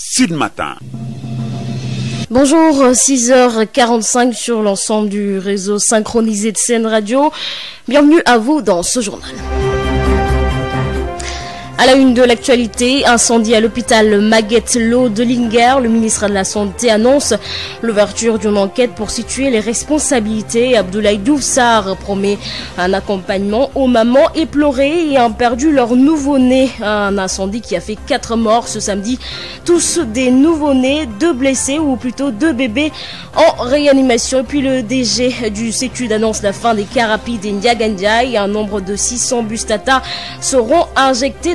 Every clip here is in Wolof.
Sud Matin. Bonjour, 6h45 euh, sur l'ensemble du réseau synchronisé de scène radio. À la une de l'actualité, incendie à l'hôpital Maguette Lo de Linguère. Le ministre de la Santé annonce l'ouverture d'une enquête pour situer les responsabilités. Abdoulaye Diouf promet un accompagnement aux mamans éplorées ayant perdu leur nouveau-né. Un incendie qui a fait quatre morts ce samedi. Tous des nouveau-nés, deux blessés ou plutôt deux bébés en réanimation. Et puis le DG du Sécud annonce la fin des cars rapides et Ndiagandia et un nombre de 600 bus Tata seront injectés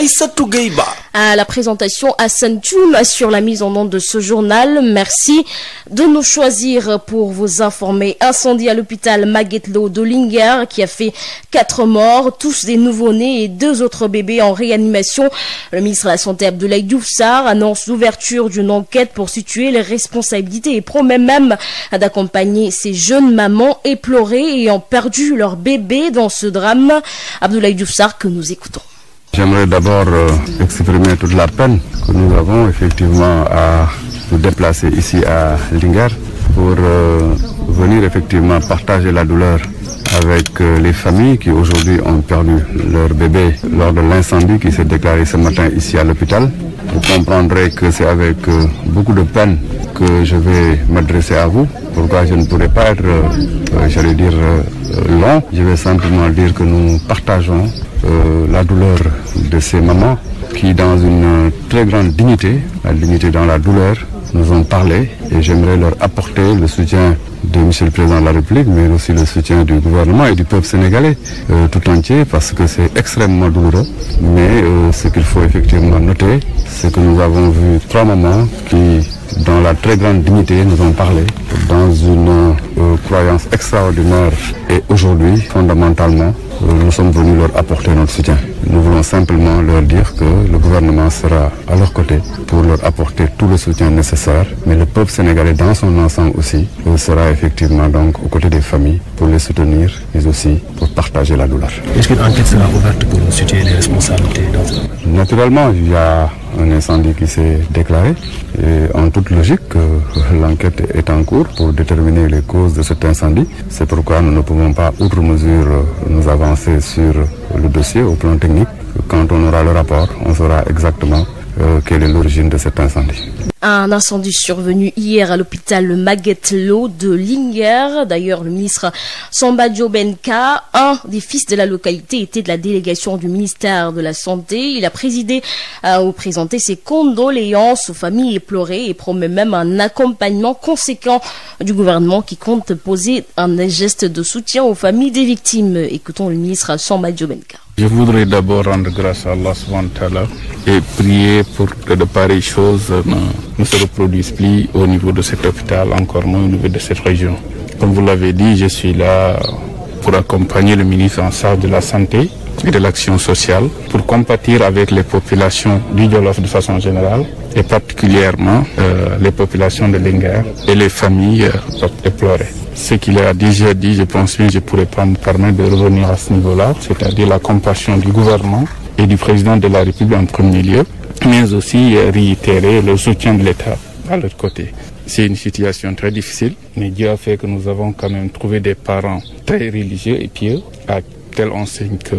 Aïssatou Gueye Ba. À la présentation, Assane Dioum assure la mise en onde de ce journal. Merci de nous choisir pour vous informer. Incendie à l'hôpital Magatte Lô de Linguère qui a fait quatre morts, tous des nouveau-nés et deux autres bébés en réanimation. Le ministre de la Santé Abdoulaye Diouf Sarr annonce l'ouverture d'une enquête pour situer les responsabilités et promet même d'accompagner ces jeunes mamans éplorées ayant perdu leur bébé dans ce drame. Abdoulaye Diouf Sarr J'aimerais d'abord euh, exprimer toute la peine que nous avons effectivement à nous déplacer ici à Linguère pour euh, venir effectivement partager la douleur avec euh, les familles qui aujourd'hui ont perdu leur bébé lors de l'incendie qui s'est déclaré ce matin ici à l'hôpital. Vous comprendrez que c'est avec euh, beaucoup de peine que je vais m'adresser à vous. Pourquoi je ne pourrais pas être, euh, euh j'allais dire, euh, long. Je vais simplement dire que nous partageons euh, la douleur de ces mamans qui, dans une très grande dignité, la dignité dans la douleur, nous ont parlé et j'aimerais leur apporter le soutien de Monsieur le Président de la République, mais aussi le soutien du gouvernement et du peuple sénégalais euh, tout entier, parce que c'est extrêmement douloureux. Mais euh, ce qu'il faut effectivement noter, c'est que nous avons vu trois mamans qui, dans la très grande dignité, nous ont parlé dans une croyance extraordinaire et aujourd'hui, fondamentalement, euh, nous sommes venus leur apporter notre soutien. Nous voulons simplement leur dire que le gouvernement sera à leur côté pour leur apporter tout le soutien nécessaire, mais le peuple sénégalais dans son ensemble aussi euh, sera effectivement donc aux côtés des familles pour les soutenir, mais aussi pour partager la douleur. Naturellement, il y a un incendie qui s'est déclaré. Et en toute logique, euh, l'enquête est en cours pour déterminer les causes de cet incendie. C'est pourquoi nous ne pouvons pas, outre mesure, euh, nous avancer sur le dossier au plan technique. Quand on aura le rapport, on saura exactement euh, quelle est l'origine de cet incendie. Un incendie survenu hier à l'hôpital Magatte de Linguère. D'ailleurs, le ministre Samba un des fils de la localité, était de la délégation du ministère de la Santé. Il a présidé euh, ou présenté ses condoléances aux familles éplorées et promet même un accompagnement conséquent du gouvernement qui compte poser un geste de soutien aux familles des victimes. Écoutons le ministre Samba Je voudrais d'abord rendre grâce à Allah subhanahu et prier pour que de pareilles choses ne, se reproduisent plus au niveau de cet hôpital, encore moins au niveau de cette région. Comme vous l'avez dit, je suis là pour accompagner le ministre en charge de la Santé et l'action sociale pour compatir avec les populations du Djolof de façon générale et particulièrement euh, les populations de Linguerre et les familles euh, déplorées. ce qu'il a déjà dit, je pense que je ne pourrais pas me permettre de revenir à ce niveau-là, c'est-à-dire la compassion du gouvernement et du président de la République en premier lieu, mais aussi réitérer le soutien de l'État à leur côté. C'est une situation très difficile, mais Dieu a fait que nous avons trouvé des parents très religieux et pieux, à telle enseigne que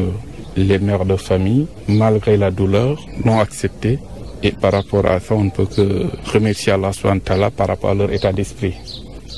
les mères de famille, malgré la douleur, l'ont accepté. Et par rapport à ça, on ne peut que par rapport à leur état d'esprit.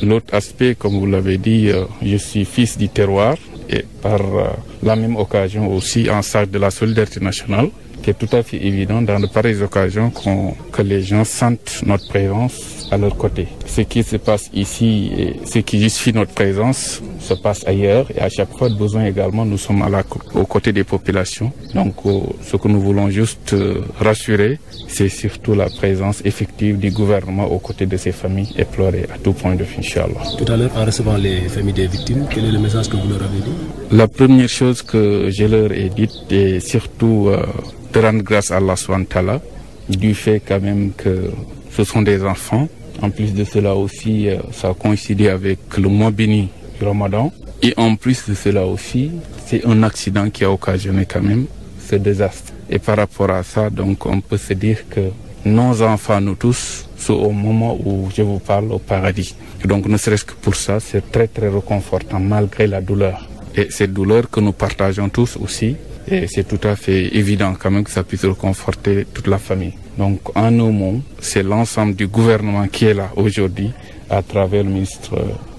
L'autre aspect, comme vous l'avez dit, euh, je suis fils du terroir et par euh, la même occasion aussi en charge de la solidarité nationale qui est tout à fait évident dans de pareilles occasions qu que les gens sentent notre présence à leur côté. Ce qui se passe ici, et ce qui justifie notre présence, se passe ailleurs et à chaque fois de besoin également, nous sommes à la, aux côtés des populations. Donc euh, ce que nous voulons juste euh, rassurer, c'est surtout la présence effective du gouvernement aux côtés de ces familles éplorées à tout point de vue, Inch'Allah. Tout à l'heure, en recevant les familles des victimes, quel est le message que vous leur avez dit La première chose que je leur ai dite est surtout euh, de rendre grâce à Allah SWT du fait quand même que ce sont des enfants. En plus de cela aussi, euh, ça coïncidé avec le mois béni du Ramadan. Et en plus de cela aussi, c'est un accident qui a occasionné quand même ce désastre. Et par rapport à ça, donc on peut se dire que nos enfants, nous tous, sont au moment où je vous parle au paradis. Et donc ne serait-ce que pour ça, c'est très très réconfortant malgré la douleur. Et cette douleur que nous partageons tous aussi, et c'est tout à fait évident quand même que ça puisse réconforter toute la famille. Donc en un mot, c'est l'ensemble du gouvernement qui est là aujourd'hui à travers le ministre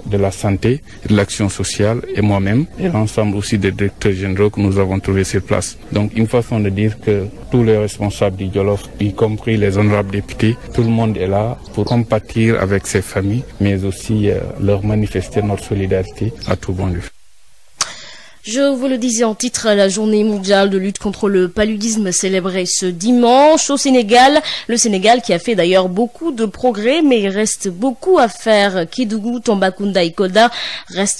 de la Santé, de l'Action sociale et moi-même et l'ensemble aussi des directeurs généraux que nous avons trouvés sur place. Donc une façon de dire que tous les responsables du Jolof, y compris les honorables députés, tout le monde est là pour compatir avec ses familles, mais aussi euh, leur manifester notre solidarité à tout bon lieu. Je vous le disais en titre, la journée mondiale de lutte contre le paludisme célébrée ce dimanche au Sénégal. Le Sénégal qui a fait d'ailleurs beaucoup de progrès, mais il reste beaucoup à faire. Kédougou, Tambacounda et Kolda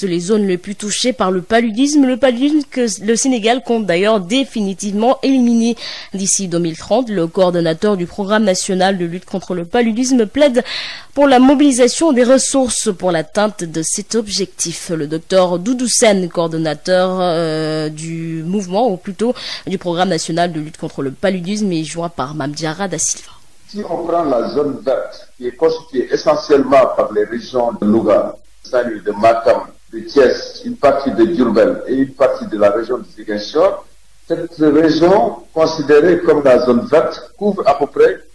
les zones les plus touchées par le paludisme. Le paludisme que le Sénégal compte d'ailleurs définitivement éliminer d'ici Le coordonnateur du programme national de lutte contre le paludisme plaide pour la mobilisation des ressources pour l'atteinte de cet objectif. Le docteur Doudou Sen, coordonnateur euh, du mouvement, ou plutôt du programme national de lutte contre le paludisme, est joint par Mamdiara Da Silva. Si on prend la zone verte, qui est constituée essentiellement par les régions de Louga, et une partie de la région de Ziguinchor, considérée comme la zone verte, couvre à peu près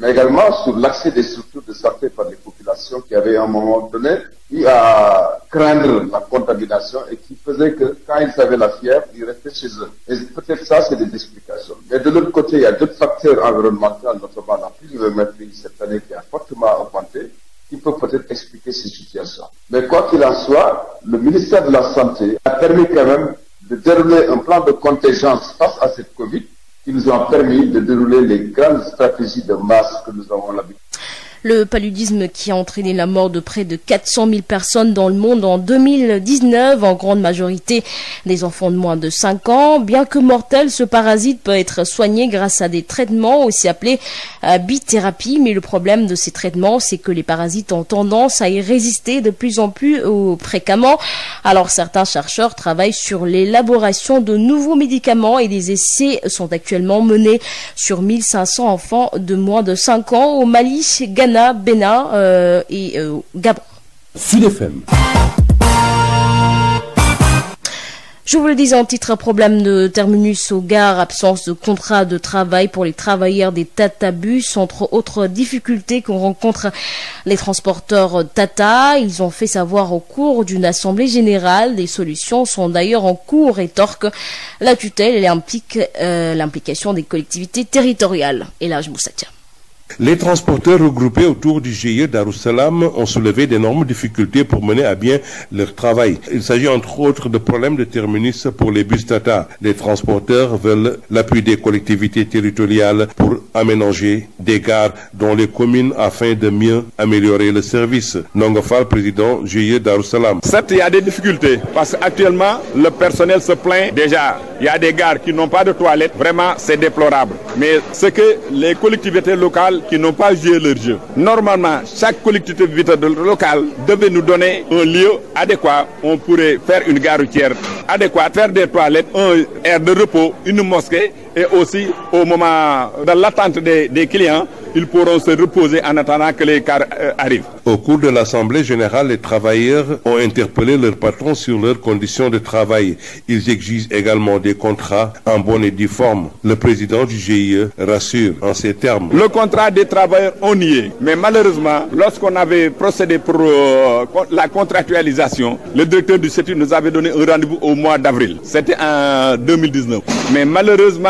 mais également sur l'accès des structures de santé par les populations qui avaient à un moment donné eu à craindre la contamination et qui faisait que quand ils avaient la fièvre, ils restaient chez eux. Et peut ça, c'est des explications. Mais de l'autre côté, il y a d'autres facteurs environnementaux, notamment la pluviométrie cette année qui a fortement augmenté, qui peut peut-être expliquer ces situations. Mais quoi qu'il en soit, le ministère de la Santé a permis quand même qui nous ont permis de dérouler les grandes stratégies de masse que nous avons l'habitude. Le paludisme qui a entraîné la mort de près de personnes dans le monde en en grande majorité des enfants de moins de 5 ans. Bien que mortel, ce parasite peut être soigné grâce à des traitements aussi appelés euh, bithérapie. Mais le problème de ces traitements, c'est que les parasites ont tendance à y résister de plus en plus fréquemment. Alors certains chercheurs travaillent sur l'élaboration de nouveaux médicaments et des essais sont actuellement menés Ghana, Bénin euh, et euh, Gabon. Je vous le disais en titre, problème de terminus aux gares, absence de contrat de travail pour les travailleurs des Tata Bus, entre autres difficultés qu'on rencontre les transporteurs Tata. Ils ont fait savoir au cours d'une assemblée générale. Des solutions sont d'ailleurs en cours et torque la tutelle et implique euh, l'implication des collectivités territoriales. Et là, je vous soutiens. Les transporteurs regroupés autour du GIE Darussalam ont soulevé d'énormes difficultés pour mener à bien leur travail. Il s'agit entre autres de problèmes de terminus pour les bus Tata. Les transporteurs veulent l'appui des collectivités territoriales pour aménager des gares dans les communes afin de mieux améliorer le service. Ndongo président GIE Darussalam. Certes, il y a des difficultés parce qu'actuellement, le personnel se plaint déjà. Il y a des gares qui n'ont pas de toilettes. Vraiment, c'est déplorable. Mais ce que les locales qui n'ont pas joué leur jeu. Normalement, chaque collectivité locale devait nous donner un lieu adéquat. On pourrait faire une gare routière adéquate, faire des toilettes, un aire de repos, une mosquée et aussi au moment de l'attente des, des clients, ils pourront se reposer en attendant que les cars euh, arrivent. Au cours de l'Assemblée générale, les travailleurs ont interpellé leur patron de travail. Ils exigent également des contrats en Le président du GIE rassure on y Mais malheureusement, lorsqu'on avait procédé pour euh, la contractualisation, le directeur du CETU mois d'avril. C'était en 2019. Mais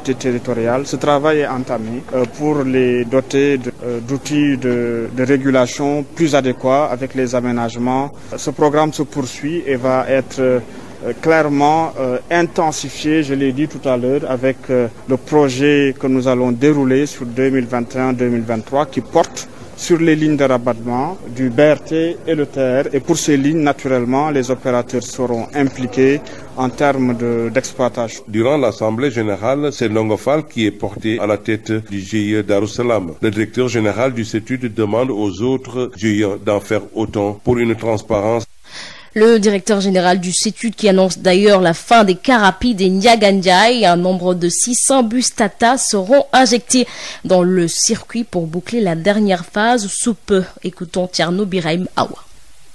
collectivités territoriales. Ce travail est entamé euh, pour les doter euh, d'outils de, de, régulation avec les aménagements. Ce programme se poursuit et va être euh, clairement euh, intensifié, je l'ai dit avec le projet que nous allons dérouler sur 2021-2023 qui porte sur les lignes de rabattement du BRT et le TR. Et les opérateurs seront en termes d'exploitation. De, Durant l'Assemblée générale, c'est Longofal qui est porté à la tête du GIE Darussalam. Le directeur général du CETUD demande aux autres GIE d'en faire autant pour une transparence. Le directeur général du CETUD qui annonce d'ailleurs la fin des cars rapides et un nombre de 600 seront injectés dans le circuit pour boucler la dernière phase sous peu. Écoutons Tierno Birahim Awa.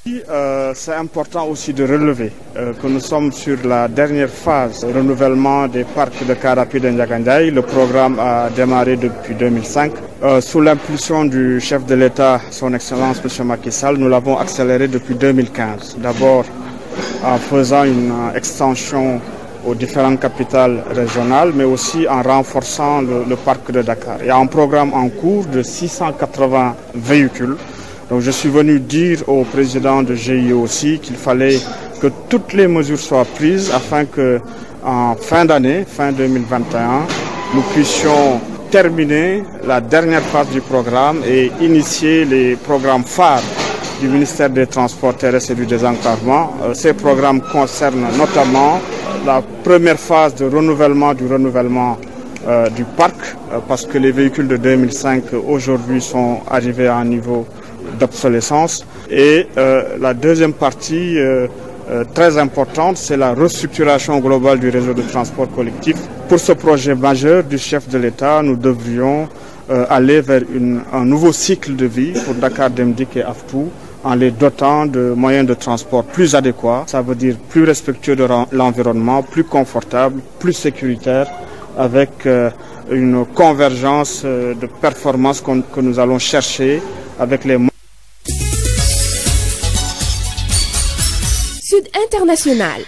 Euh, c'est important aussi de relever euh, que sur la dernière phase des parcs de car rapide de Ndiagandiaï. Le programme a démarré depuis 2005. Euh, sous l'impulsion du chef de l'État, son Excellence M. Macky Sall, nous l'avons accéléré depuis 2015. D'abord en faisant une euh, extension aux différentes capitales mais aussi en renforçant le, le parc de Dakar. Il y a un programme en cours de 680 Donc je suis venu dire au président de GIE aussi qu'il fallait que toutes les mesures soient prises afin que en fin d'année, fin 2021, nous puissions terminer la dernière phase du programme et initier les programmes phares du ministère des Transports terrestres et du désenclavement. Euh, ces programmes concernent notamment la première phase de renouvellement du renouvellement euh, du parc, euh, parce que les véhicules de 2005 euh, aujourd'hui sont arrivés à un niveau d'obsolescence. Et euh, la deuxième partie euh, euh, très importante, c'est la restructuration globale du réseau de transport collectif. Pour ce projet majeur du chef de l'État, nous devrions euh, aller vers une, un nouveau cycle de vie pour Dakar, Demdik et Aftou en les dotant de moyens de transport plus adéquats. Ça veut dire plus respectueux de l'environnement, plus confortable, plus sécuritaire, avec euh, une convergence de performances que nous allons chercher avec les moyens. internationale.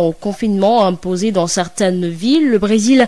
au confinement imposé dans certaines villes. Le Brésil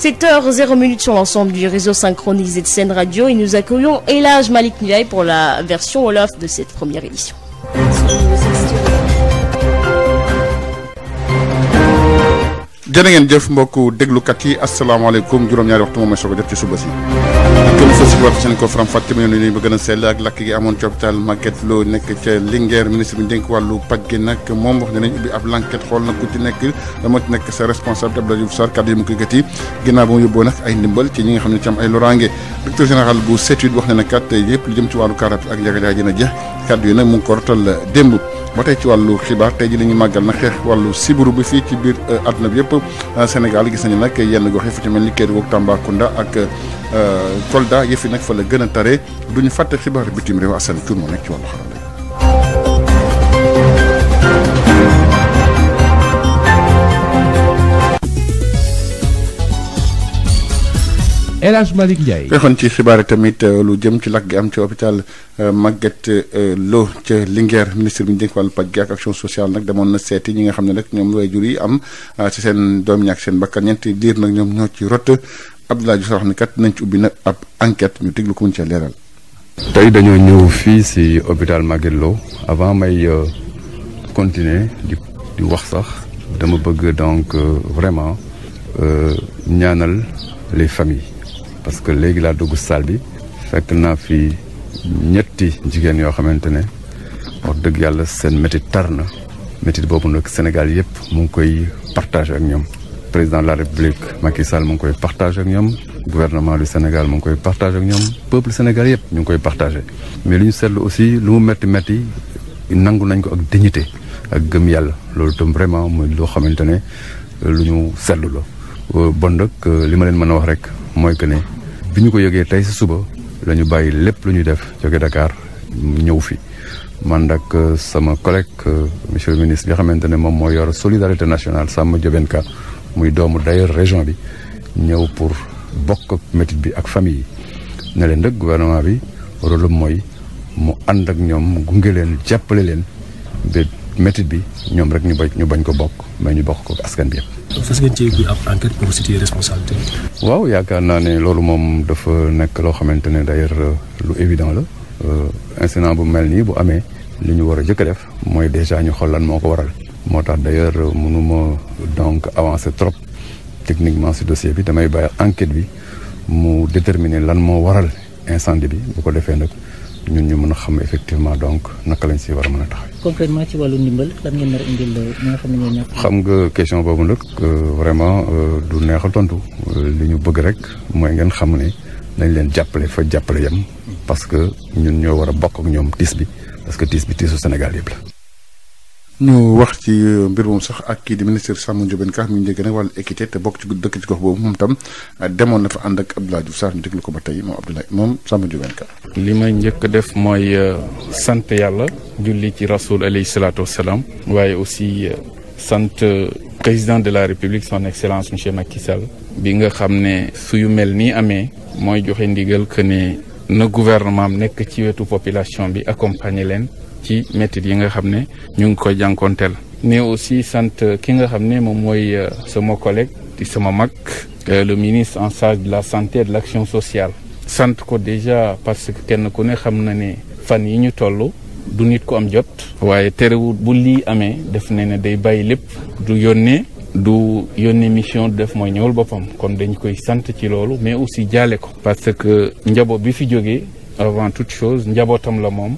7h0 minutes sur l'ensemble du réseau synchronisé de Sen Radio et nous accueillons El Hadj Malick Ndiaye pour la version Wolof de cette première édition. jërë ngeen jëf mbokk déglukat yi asalaamaaleykum juróom-ñaari waxtu moom mooy soog a jot ci suba si gën fa si wax seen ko faram fàtte mu ne ba gën a sell ak lakk gi amoon ci hôpital Magatte Lô nekk ca Linguère ministre bi dénk wàllu paj gi nag moom wax ne nañ ubbi ab l'enquête xool na ku ci nekk dama ci nekk sa responsable Abdoulaye Diouf Sarr kàddu yi mu ko yëkkati ginnaaw ba mu yóbboo nag ay ndimbal ci ñi nga xam ne ci am ay loraange directeur général bu CETUD wax ne na kat yëpp lu wàllu kaaraat ak njagajaay dina jeex kàddu yi nag mu ngi ko rotal ba tey ci wàllu xibaar tey ji la ñuy màggal nag xeex wàllu siburu bi fii ci biir euh, àdduna bi yëpp euh, Sénégal gis nañu nag yenn gox yi fu ci mel ni Kédougou Tambacounda ak euh, Kolda yëf yi nag fa la gën a tare duñu fàtte xibaar bitim réew Assane Tour moo nekk ci wàllu xarala El Hadj Malick Ndiaye. fexoon ci xibaar tamit euh, lu jëm ci lakk gi am ci hôpital euh, Magatte euh, Lô ca Linguère ministre bi ñu dénk wàllu paj gi ak action sociale nag demoon na seeti ñi nga xam ne nag ñoom waajur yi am ci seen doom ñi ak seen bakkan ñeenti diir nag ñoom ñoo ci rot Abdoulaye Diouf wax ne kat nañ ci ubbi nag ab enquête ñu déglu ko mu ca leeral. tey dañoo ñëw fii si hôpital Magatte Lô avant may continuer di wax sax dama bëgg donc vraiment ñaanal les familles. parce que léegi laa dugg salle bi fekk naa fi ñetti jigéen yoo xamante ne wax dëgg yàlla seen métit tar na métit boobu nag Sénégal yëpp mu ngi koy partage ak ñoom président de la république Macky Sall mu ngi koy partagé ak ñoom gouvernement du Sénégal mu ngi koy partagé ak ñoom peuple Sénégal yëpp ñu ngi koy partagé mais li ñu seetlu aussi lu mu métti métti nangu nañ ko ak dignité ak gëm yàlla loolu tam vraiment muy loo xamante ne ñu seetlu la bon nag li ma leen mën a wax rek mooy que ne bi ñu ko yogee tey si suba la ñu bàyyi lépp lu ñu def jóge Dakar ñëw fi man nag euh, sama collègue euh, monsieur le ministre bi xamante ne moom moo yor solidarité nationale Samba Ndiobène Ka muy doomu d'ailleurs région bi ñëw pour bokk métit bi ak famille yi ne leen nag gouvernement bi rôle mooy mu ànd ak ñoom gunge leen jàppale leen ba métit bi ñoom rek ñu bañ ñu bañ ko bokk mais ñu bokk ko askan bi yëpp. fas ngeen cee ab enquête pour situer responsabilité waaw yaakaar naa ne loolu moom dafa nekk loo xamante ne d'ailleurs euh, lu évident la euh, incident bu mel nii bu amee lu ñu war a jëkk a def mooy déjà ñu xool lan moo ko waral. moo tax d'ailleurs euh, mënuma donc avancer trop techniquement si dossier bi damay bàyyi enquête bi mu déterminer lan moo waral incendie bi bu ko defee nag. ñun ñu mën a xam effectivement donc naka lañ si war a mën a taxawee. concrètement ci wàllu ndimbal lan a indil ñi nga xam ne ñoo nga question boobu nag euh, vraiment euh, du neex tontu euh, li ñu bëgg rek mooy ngeen xam ne nañ leen jàppale fa jàppale yem parce que ñun ñoo war a bokk ak ñoom tiis bi parce que tiis bi tiisu Sénégal yëpp la. ñu wax ci euh, mbir moom sax ak kii di ministre Samba Ndiobène Ka mi ngi njëkk nag wàllu équité te bokk ci dëkk ci ko boobu moom tam euh, demoon na fa ànd ak Abdoulaye Diouf Sarr ñu déglu ko ba tey moom Abdoulaye moom Samba Ndiobène Ka. li ma njëkk def mooy euh, sant yàlla julli ci rasul alayhi salaatu wasalaam waaye aussi sant président de la république son excellence monsieur Macky Sall bi nga xam ne suyu mel nii amee mooy joxe ndigal que ne na gouvernement am nekk ci wetu population bi accompagner leen. ci métit yi nga xam ne ñu ngi koy jànkoonteel mais aussi sant ki nga xam ne moom mooy euh, sama collègue di sama mag euh, le ministre en charge de la santé et de l'action sociale sant ko déjà parce que kenn ku ne xam na ne fan yi ñu toll du nit ko am jot waaye terewut bu lii amee def ne ne day bàyyi lépp du yónnee du yónnee mission def mooy ñëwul boppam kon dañ koy sant ci loolu mais aussi jaale ko parce que njaboot bi fi jógee avant tout chose njabootam la moom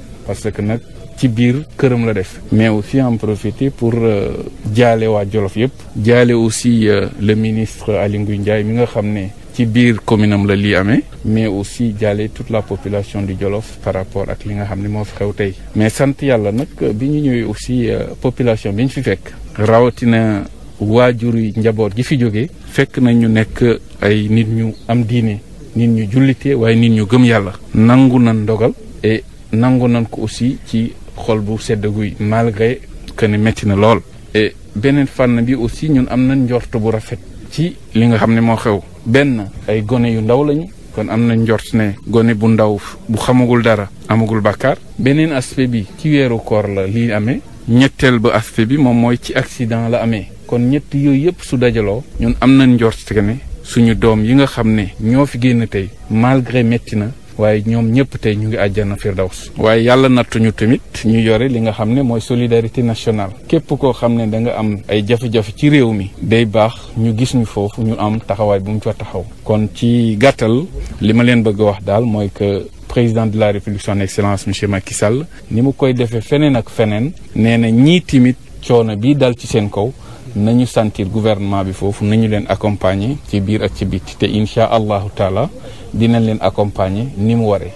que nag ci biir këram la def mais aussi en profiter pour euh, jaale waa Jolof yëpp jaale aussi euh, le ministre Aly Ngouille Ndiaye mi nga xam ne ci biir commune am la lii amee mais aussi jaale toute la population du Jolof par rapport ak li nga xam ni moo fi xew tey mais sant yàlla nag euh, bi ñu ñëwee aussi population bi ñu fi fekk rawatina waajur yi njaboot gi fi jógee fekk na ñu nekk ay nit ñu am diine nit ñu jullite waaye nit ñu gëm yàlla nangu nan ndogal et nangu nan ko aussi ci xol bu sedd guy malgré que ne métti na lool. et beneen fànn bi aussi ñun am na njort bu rafet. ci li nga xam ne moo xew. benn ay gone yu ndaw lañu. kon am na njort ne gone bu ndaw bu xamagul dara. amagul bàkkaar beneen aspect bi. ci weeru koor la lii amee. ñetteel ba aspect bi moom mooy ci accident la amee. kon ñett yooyu yëpp su dajaloo. ñun am na njort ne suñu doom yi nga xam ne ñoo fi génn tey malgré métti na. waaye ñoom ñëpp tey ñu ngi àjjana firdaws waaye yàlla nattuñu tamit ñu yore li nga xam ne mooy solidarité nationale képp koo xam ne danga am ay jafe-jafe ci réew mi day baax ñu gis ñu foofu ñu am taxawaay bu mu fa taxaw kon ci gàttal li ma leen bëgg a wax daal mooy que président de la république son excellence monsieur Macky Sall ni mu koy defee feneen ak feneen nee na ñii timit coono bi dal ci seen kaw nañu sentir gouvernement bi foofu nañu leen accompagner ci biir ak ci biti te incha allahu taala dinañ leen accompagner ni mu waree.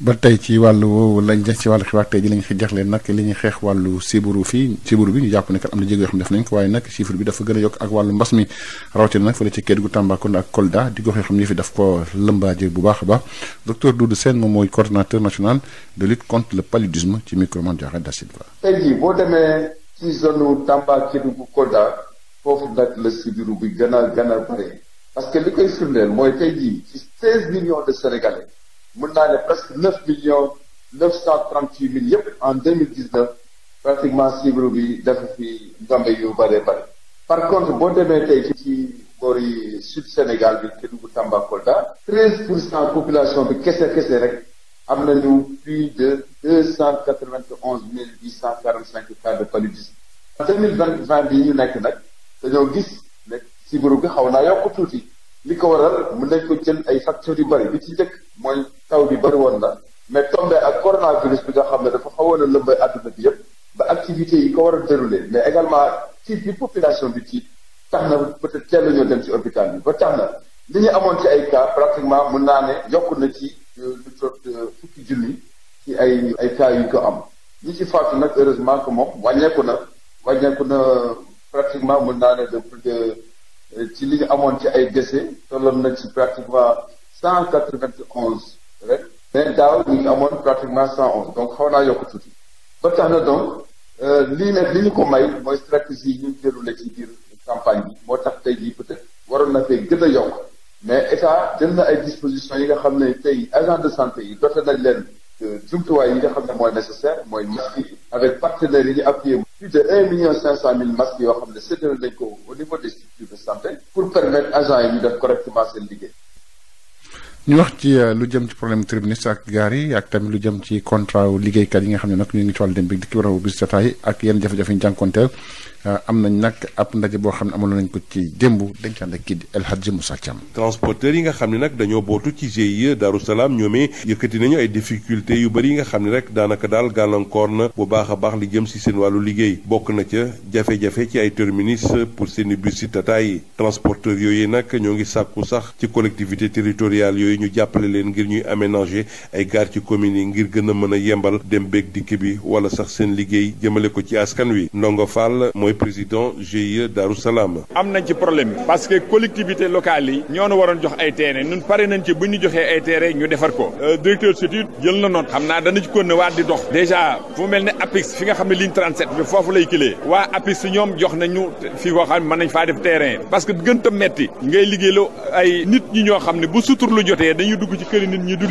ba tey ci wàllu woowu lañ jeex ci wàllu xibaar tey ji lañ fi jeexlee nag li ñuy xeex wàllu sibiru fii sibiru bi ñu jàpp ne kat am na jéego yoo xam ne def nañ ko waaye nag chiffre bi dafa gën a yokk ak wàllu mbas mi rawatina nag fële ci Kédougou Tambacounda ak Kolda di gox yoo xam ne fi daf ko lëmbaaje bu baax a baax docteur Doudou Sène moom mooy coordonnateur national de lutte contre le paludisme ci micro man joxe da Silva. tey jii boo demee ci zone Tamba Kédougou Kolda foofu nag la parce que li koy firndeel mooy tey jii ci seize millions de sénégalais mën naa ne presque neuf millions neuf cent trente yëpp en deux mille dix neuf pratiquement cibre bi dafa fi njombe yu bëree bëri. par contre boo demee tey ci boori sud Sénégal bi Kédougou Tambacounda. treize pour cent population bi kese kese rek am na ñu plus de deux cent quatre vingt onze mille huit cent quarante cas de paludisme. en deux mille vingt bi ñu nekk nag dañoo gis. ci groupe bi xaw naa yokk tuuti li ko waral mën nañ ko jël ay facteurs yu bëri bi ci njëkk mooy taw bi bari woon na mais tombé ak coronavirus bi nga xam ne dafa xawoon a lëmbay àdduna bi yëpp ba activités yi ko war a déroulé mais également ci population bi ci tax na peut-être teel la ñoo dem ci hôpital bi ba tax na li ñu amoon ci ay cas pratiquement mën naa ne yokk na ci euh, lu tot euh, fukki junni ci ay ay yi yu ko am ñi ci faatu nag heureusement que moom wàññeeku na wàññeeku na pratiquement mën naa de plus de ci li ñu amoon ci ay décès tolloon nañ ci pratiquement cent quatre vingt onze rek mais daaw ñu ngi amoon pratiquement cent onze donc xaw naa yokk tuuti ba tax na donc euh, lii nag li ñu ko may mooy stratégie yi ñu déroulé ci biir campagne bi moo tax tey jii peut waroon na fee gën a yokk mais état jël na ay dispositions yi nga xam ne tey agent de santé yi dote nañ leen jumtuwaay yi nga xam ne mooy nécessaire mooy masques yi avec partenaires yi ñu appuyé plus de un million cinq cent mille masques yoo xam ne séddale nañ ko au niveau de santé pour permettre agents yi def correctement seen liggéey. ñu wax ci euh, lu jëm ci problème tribuniste ak gaar yi ak tamit lu jëm ci contrat liggéeykat yi nga xam ne nag ñu ngi ci dem bi di ki war a bis ak yenn jafe-jafe ñu jànkonteel Euh, am nañ nag ab ndaje boo xam ne amaloon nañ ko ci démb dañ ci ànd ak kii di El Hadji Moussa Thiam transporteurs yi nga xam ne nag dañoo bootu ci GIE Darou Salaam ñoomee yëkkati nañu ay difficultés yu bëri yi nga xam ne rek daanaka daal gàllankoor na bu baax a baax li jëm si seen wàllu liggéey bokk na ca jafe-jafe ci ay terminus pour seen i bus yi tata yooyu nag ñoo ngi sàkku sax ci collectivité territoriale yooyu ñu jàppale leen ngir ñuy aménager ay gar ci communes yi ngir gën a mën a yembal dem dikk bi wala sax liggéey jëmale ko ci askan wi mooy président GIE Darou am nañ ci problème bi parce que collectivité locale yi. ñoo nu waroon jox ay terrain ñun pare nañ ci bu ñu joxee ay terrain ñu defar ko. Euh, directeur d'étude jël na note. xam naa dana ci kon ne waat di dox. déjà fu mel ne APIX fi nga xam ne ligne 37 bi foofu lay kilee. waa APIX ñoom jox nañu fi koo xam ne nañ faa def terrain parce que gën ta metti ngay liggéeyaloo ay nit ñi ñoo xam ne bu sutur lu jotee dañuy dugg ci këri nit ñi du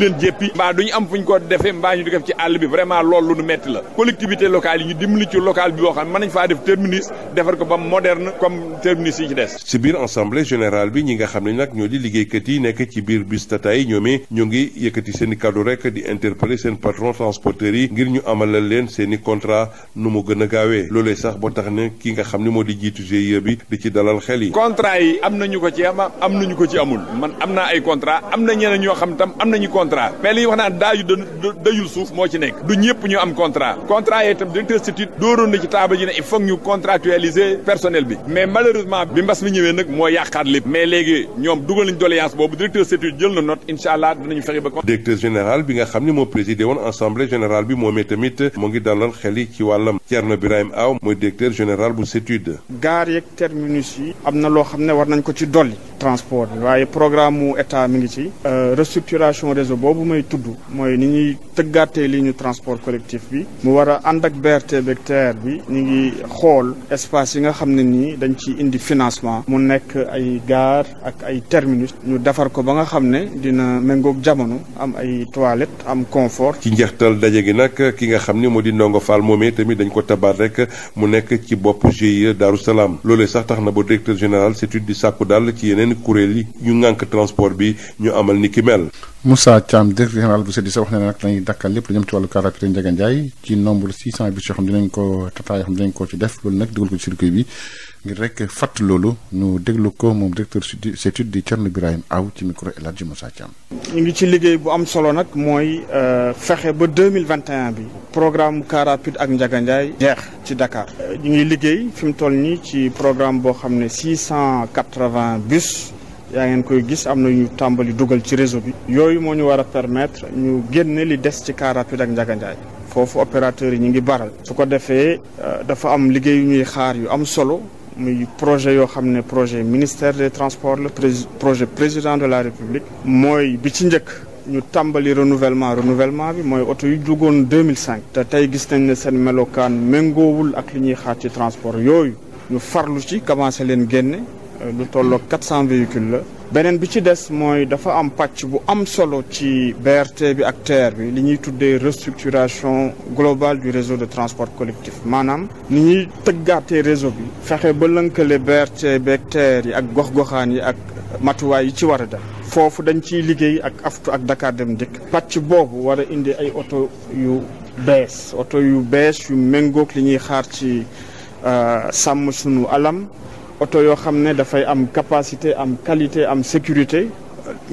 bees defar ko ba moderne comme terminus yi ci des. ci biir assemblée générale bi ñi nga xam ne nag ñoo di liggéeykat yi nekk ci biir bus Tata ñoo ngi yëkkati seen i kàddu rek di interpeller seen patron transporteurs yi ngir ñu amalal leen seen i nu mu gën a gaawee loolee sax boo tax ne ki nga xam ne moo di jiitu GIE bi di ci dalal xel yi. contrat yi am nañu ko ko ci amul man am naa ay contrat am na ñeneen ñoo xam tam am nañu contrat mais li yi itam directeur actualiser personnel bi mais malheureusement bi mbas mi ñëwee nag moo yàqaat lépp mais léegi ñoom dugal nañ doléance boobu directeur CETUD jël na note incha allah dinañu fexe ba. directeur général bi nga xam ne moo présidé woon assemblée générale bi moomee tamit mu ngi daloon xel yi ci wàllam Thierno Birahim Aw mooy directeur général bu CETUD. gaar yeeg terminus yi. am na loo xam ne war nañ ko ci dolli. transport bi waaye programme mu état mi ngi ci. Euh, restructuration réseau boobu may tudd mooy ni ñuy tëggaatee ligne transport collectif bi mu war a ànd ak BRT beeg TER bi ñu ngi xool. espace yi nga xam ne nii dañ ci indi financement mu nekk ay gare ak ay terminus ñu defar ko ba nga xam ne dina méngoog jamono am ay toilettes am confort ci njeextal daje gi nag ki nga xam ni moo di ndongo Fall moomee tamit dañ ko tabaat rek mu nekk ci bopp GIE Daaru Salaam loolee sax tax na ba directeur général CETUD di sàkku daal ci yeneen kuréel yi ñu ŋànk transport bi ñu amal ni ki mel Moussa Thiam directeur bu SEDIS wax na ne nag dañuy dakkal lépp lu jëm ci wàllu car rapide Ndiaga Ndiaye ci nombre 600 yoo xam dinañ ko tata yoo xam dinañ ko ci def loolu nag dugal ko ci circuit bi ngir rek fàtt loolu ñu déglu ko moom directeur étude di Thierno Birahim Aw ci micro El Hadji Moussa Thiam. ñu ngi ci liggéey bu am solo nag mooy euh, fexe ba 2021 bi programme car rapide ak Ndiaga Ndiaye jeex ci dakaar ñu ngi liggéey fi mu toll nii ci programme boo xam ne 680 bus. yaa ngeen koy gis am na ñu tàmbali dugal ci réseau bi yooyu moo ñu war a permettre ñu génne li des ci car rapide ak njaganjaay foofu opérateur yi ñu ngi baral su ko defee euh, dafa am liggéey yu ñuy xaar yu am solo muy projet yoo xam ne projet ministère des transports le projet président de la république mooy bi ci njëkk ñu tàmbali renouvellement renouvellement bi mooy oto yu jugoon 2005 te tey gis nañ ne seen melokaan méngoowul ak li ñuy xaar ci transport yooyu ñu farlu ci commencé leen génne lu tolloog 400 véhicules la. beneen bi ci des mooy dafa am pàcc bu am solo ci BRT bi ak TER bi li ñuy tuddee restructuration globale du réseau de transport collectif maanaam ni ñuy tëggaatee réseau bi fexe ba lënkale BRT bi ak TER yi ak gox-goxaan yi ak matuwaay yi ci war a def foofu dañ ciy liggéey ak aftu ak Dakar dem dikk pàcc boobu war a indi ay oto yu bees oto yu bees yu méngoog li ñuy xaar ci euh, sàmm sunu alam oto yoo xam ne dafay am capacité am qualité am sécurité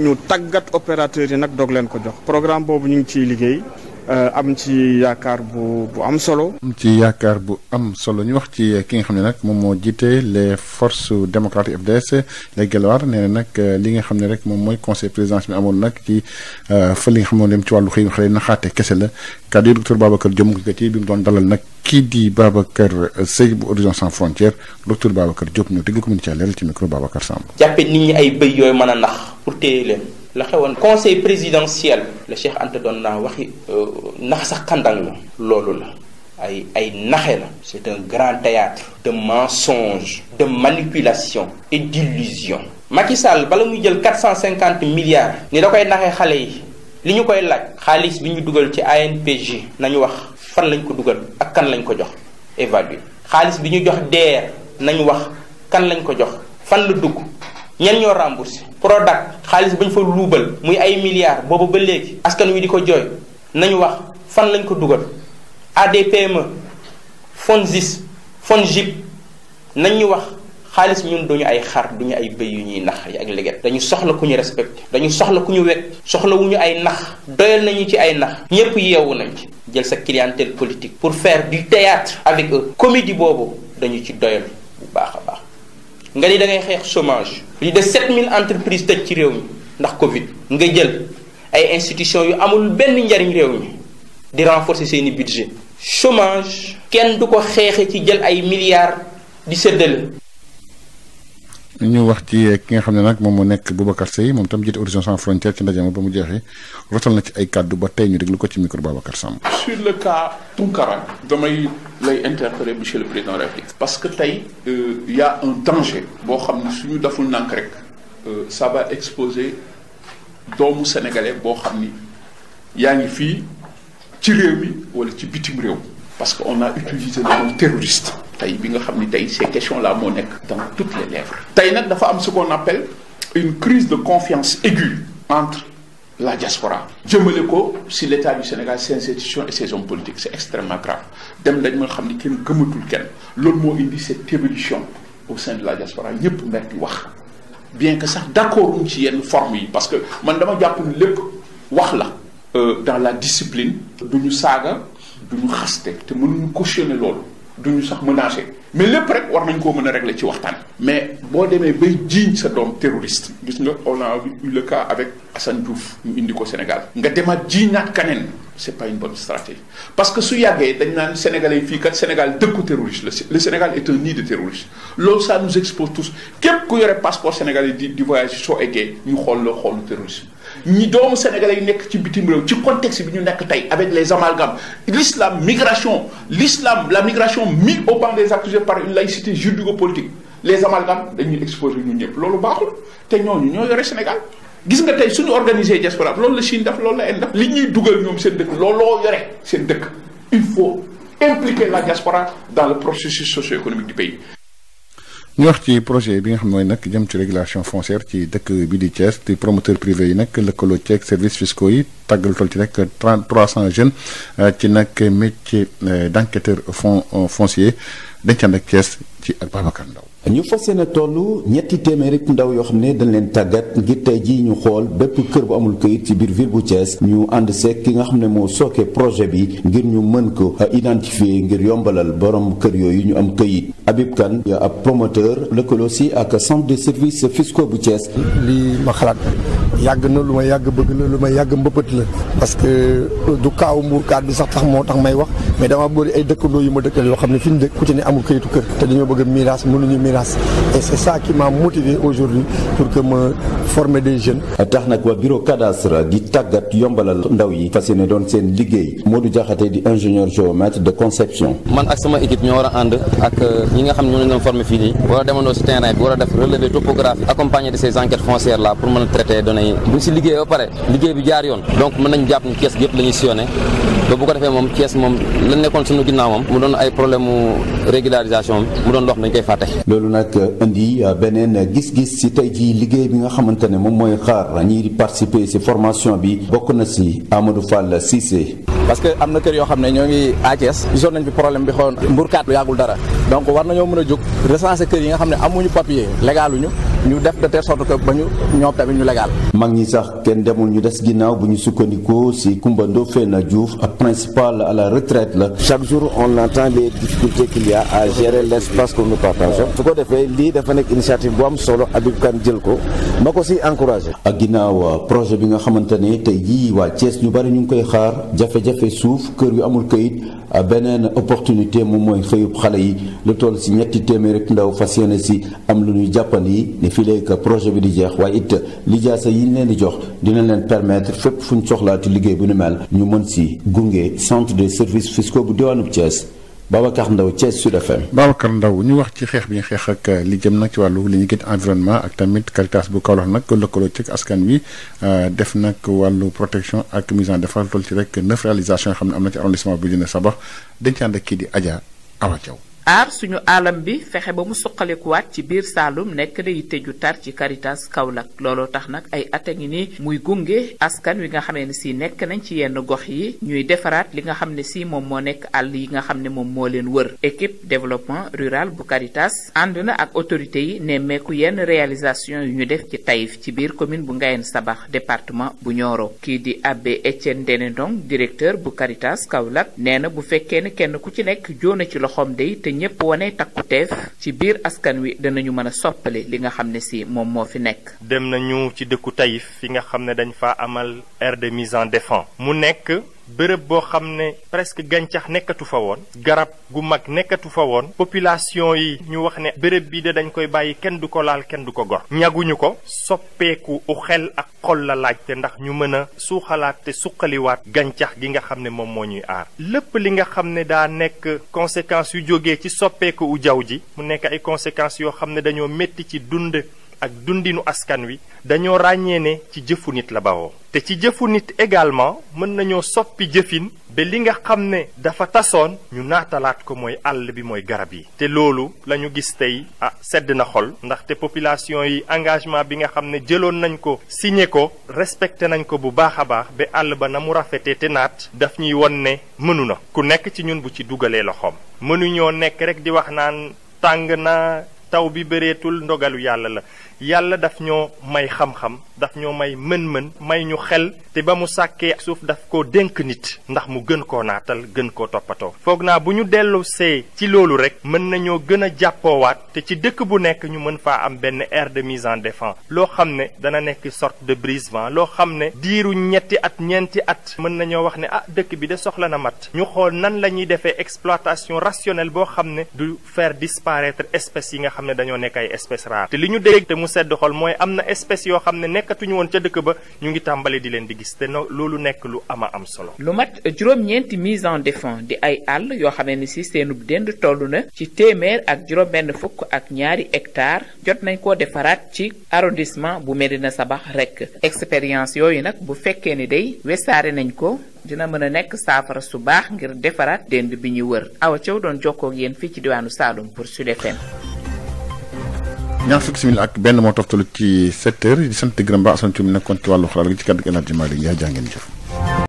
ñu tàggat opérateurs yi nag doog leen ko jox programme boobu ñu ngi ciy liggéey Euh, am ci yaakaar bu bu am solo. am ci yaakaar bu am solo ñu wax ci ki nga xam ne nag moom moo jiite les forces démocratiques FDS les Guelwaar nee na nag euh, li nga xam ne rek moom mooy conseil présidence bi amoon nag ci euh, fa li nga xam ne dem ci wàllu xëy xale na kese la kàddu yi docteur Babacar Diome ko ci bi mu doon dalal nag kii di Babacar Seye bu Horizon Sans Frontières docteur Babacar Diop ñu dégg ko mu ci leeral ci micro Babacar Samb. jàppee a nax la xewoon conseil présidentiel la Cheikh Anta doon naa waxi euh, nax sax xandang loolu la ay ay naxe la c'est un grand théâtre de mensonge de manipulation et d'illusion Macky Sall bala muy jël 450 milliards ni da koy naxe xale yi li ñu koy laaj xaalis bi ñu dugal ci ANPJ nañu wax fan lañ ko dugal ak kan lañ ko jox évaluer xaalis bi ñu jox DER nañu wax kan lañ ko jox fan la dugg ñan ñoo remboursé Prodac xaalis bañ fa luubal muy ay milliards boobu ba léegi askan wi di ko jooy nañu wax fan lañ ko dugal ADPME FONSIS FONGIP nañ ñu wax xaalis ñun duñu ay xar duñu ay bëy yu ñuy nax yi ak léget dañu soxla ku ñu respecté dañu soxla ku ñu wet soxla wu ñu ay nax doyal nañu ci ay nax ñépp yeewu nañ ci jël sa clientèle politique pour faire du théâtre avec eux comédie boobu dañu ci doyal bu baax a baax nga ni da xeex chômage plus de mille entreprise tëj ci réew mi ndax Covid nga jël ay institutions yu amul benn njariñ réew mi di renforcer seeni budget chômage kenn du ko xeexe ci jël ay milliards di séddale ñu wax ci ki nga xam ne nag moom mu nekk Boubacar Seye moom tam jiite Horizon Sans Frontières ci ndaje ma ba mu jeexee rotal na ci ay kàddu ba tey ñu déglu ko ci micro Babacar Samb. sur le cas Tounkara. damay lay interpeller monsieur président de la République. parce que tey euh, y a un danger. boo xam ne suñu deful nànk rek. Euh, ça exposé exposer doomu sénégalais boo xam ni yaa ngi fii ci réew mi wala ci bitim réew. parce que on a utilisé le mot terroriste. tey bi nga xam ni tey ces questions la moo nekk dans toutes les lèvres tey nag dafa am ce qu'on appelle une crise de confiance aiguë entre la diaspora jëmale ko si l'état du Sénégal ses institutions et ses hommes politiques c'est extrêmement grave dem dañ ma xam ni kenn gëmatul kenn loolu moo indi cette évolution au sein de la diaspora ñëpp mer di wax bien que sax d'accord ci yenn forme yi parce que man dama jàpp ni lépp wax la euh, dans la discipline du ñu saaga du ñu xaste te mënuñu cautionner loolu du ñu sax menacé mais lépp rek war nañ koo mën a régler ci waxtaan. mais boo demee bay jiiñ sa doom terroriste gis nga on a eu le cas avec Assane Diouf ñu indi ko Sénégal. nga demaat jiiñaat kaneen c'est pas une bonne stratégie parce que su yàggee dañ naan sénégalais fii kat Sénégal dëkku terroriste la le Sénégal est un nid de terroriste loolu ça nous expose tous képp ku yore passeport sénégalais di di soo eggee ñu xool la xoolu terrorisme. ñi doomu sénégalais yi nekk ci bitim réew ci contexte bi ñu nekk tey avec les amalgames l'islam migration l'islam la migration mis au banc des accusés par une laïcité juridico-politique les amalgames dañuy exposé ñun ñëpp loolu baaxul te ñooñu ñoo yore Sénégal gis nga tey suñu organisé diaspora loolu la Chine def loolu la Inde def li ñuy dugal ñoom seen dëkk looloo yore seen dëkk il faut impliquer la diaspora dans le processus socio-économique du pays ñu wax ci projet bi nga xam mooy nag jëm ci régulation foncière ci dëkk bi di Thiès di promoteur privé yi nag lëkkaloo ceeg services fiscaux yi tàggal toll ci nag trente trois cent jeunes euh, ci nag métier euh, d' enquêteur fon euh, foncier dañ ci ak Thiès ci ak Babacar Ndaw ñu fas yéene toll ñetti téeméer rek ndaw yoo xam ne dañ leen tàggat ngir tey jii ñu xool bépp kër bu amul këyit ci biir ville bu Thiès ñu ànd seeg ki nga xam ne moo sooke projet bi ngir ñu mën ko identifier ngir yombalal borom kër yooyu ñu am këyit Habib Kane ab promoteur lëkkaloo si ak centre de service fiscaux bu Thiès. lii ma xalaat yàgg na lu ma yàgg bëgg la lu ma yàgg mbëbët la parce que euh, du kaaw mbuurkaat bi sax tax moo tax may wax mais dama bëri ay dëkkandoo yu ma dëkkal yoo xam ne menace. Et c'est ça qui m'a motivé aujourd'hui pour que me former des jeunes. tax nag waa bureau cadastre di tàggat yombalal ndaw yi fas doon seen liggéey Modou Diakhaté di ingénieur géomètre de conception. man ak sama équipe ñoo war a ànd ak euh, ñi nga xam ñoo war a demandoo si terrain bi war a def relevé topographie accompagné de ces enquêtes foncières pour mën a traiter données yi buñ si liggéey ba pare liggéey bi jaar yoon donc mën nañ jàpp ni kees gi yëpp la ñuy sillonné bu ko defee moom kees moom lan nekkoon xamante ne moom mooy xaar ñii di participer si formation bi bokk na si Amadou Fall Cissé. parce que am na kër yoo xam ne ñoo ngi Thiès gisoon nañ fi problème bi xawoon mburkaat lu yàggul dara donc war nañoo mën a jóg recenser kër yi nga xam ne amuñu papier légaluñu ñu def de telle sorte que ba ñu ñoom tamit ñu légal. mag ñi sax kenn demul ñu des ginnaaw bu ñu sukkandiku ci Koumba na Diouf ak principal la retraite la. chaque jour on entend les difficultés qu'il y a à gérer l'espace que nous partageons. su ko defee lii dafa nekk initiative bu am solo Habib Kane jël ko ma ko si encouragé. ak ginnaaw euh, projet bi nga xamante ne tey jii waa Thiès ñu bari ñu ngi koy xaar jafe-jafe suuf kër yu amul këyit beneen opportunité moom mooy xale yi lu toll ci ñetti téeméer ndaw fas yéene ci am lu ñuy jàppandi. ni fii projet bi di jeex waaye it lijaasa yi ñu leen di jox dina leen permettre fépp fu ñu soxlaati liggéey bu ni mel ñu mën si gunge centre de services fiscaux bu diwaanub Thiès Babacar Ndaw Thiès Sud FM. Babacar Ndaw ñu wax ci xeex bi ñu xeex ak li jëm nag ci wàllu li ñu gën environnement ak tamit Caritas bu Kaolack nag lëkkaloo ci askan wi euh, def nag wàllu protection ak mise en défense loolu ci rek neuf réalisations yoo xam ne am na ci arrondissement bu Dina Sabax dañ kii di Adja Awa Thiaw aar suñu alam bi fexe ba mu kuwaat ci biir Saalum nekk na yitte ju tar ci Caritas Kaolack looloo tax nag ay at ngi ni muy gunge askan wi nga xamee ne si nekk nañ ci yenn gox yi ñuy defaraat li nga xam ne si moom moo nekk àll yi nga xam ne moom moo leen wër équipe développement rural bu Caritas ànd na ak autorités yi nemmeeku yenn réalisation yu ñu def ci Taïf ci biir commune bu Ngayeen Sabax département bu Nioro kii di abbé Etienne Denendong directeur bu Caritas Kaolack nee na bu fekkee ne kenn ku ci nekk joona ci loxoom ñépp wane takkuteef ci biir askan wi danañu mën a soppali li nga xam ne si moom moo fi nekk. dem nañu ci dëkku Taïf fi nga xam ne dañu fa amal aire de mise en défense mu nekk. bërëb boo xam ne presque gàncax nekkatu fa woon garab gu mag nekkatu fa woon population yi ñu wax ne bërëb bi de dañ koy bàyyi kenn du ko laal kenn du ko gor ñaguñu ko soppeeku u xel ak xol la laajte ndax ñu mën a suuxalaat te suqaliwaat gàncax gi nga xam ne moom moo ñuy aar lépp li nga xam ne daa nekk conséquences yu jógee ci soppeeku u jaww ji mu nekk ay conséquences yoo xam ne dañoo métti ci dund ak dundinu askan wi dañoo ràññee ne ci jëfu nit la bawoo te ci jëfu nit également mën nañoo soppi jëfin ba li nga xam ne dafa tasoon ñu naatalaat ko mooy àll bi mooy garab yi te loolu la ñu gis tey ah sedd na xol ndaxte population yi engagement bi nga xam ne jëloon nañ ko signé ko respecté nañ ko bu baax a baax ba àll ba na mu rafetee te naat daf ñuy won ne mënu ku nekk ci ñun bu ci dugalee loxoom mënuñoo nekk rek di wax naan tàng na taw bi bëreetul ndogalu yàlla la yàlla daf ñoo may xam-xam daf ñoo may mën-mën may ñu xel te ba mu sàkkee suuf daf ko dénk nit ndax mu gën ko naatal gën koo toppatoo foog naa bu ñu dellu see ci loolu rek mën nañoo gën a jàppoowaat te ci dëkk bu nekk ñu mën faa am benn aire de mise en défense loo xam ne dana nekk sorte de loo xam ne diiru ñetti at ñeenti at mën nañoo wax ne ah dëkk bi de soxla na mat ñu xool nan la ñuy defee exploitation rationnelle boo xam ne du faire disparaître espèces yi nga xam ne dañoo nekk mu sedd xol mooy am na espèce yoo xam ne nekkatuñu woon ca dëkk ba ñu ngi tàmbali di leen di gis te loolu nekk lu ama am solo. lu mat juróom-ñeenti mise en défense di ay àll yoo xam ne si seenub dend tollu na ci téeméer ak juróom-benn fukk ak ñaari hectare jot nañ ko defaraat ci arrondissement bu na Sabax rek expérience yooyu nag bu fekkee ni dey wesaare nañ ko. dina mën a nekk saafara su baax ngir defaraat dend bi ñuy wër awa cëw doon jokkoo ak yéen fii ci diwaanu Saloum pour Sud FM ñaar fukki simili ak benn moo toftalu ci 7 heures di sant gërëm ba Assane Thioum nekkoon ci wàllu xalaat ci kàddu gi El Hadj Malick Ndiaye jaa ngeen jëf.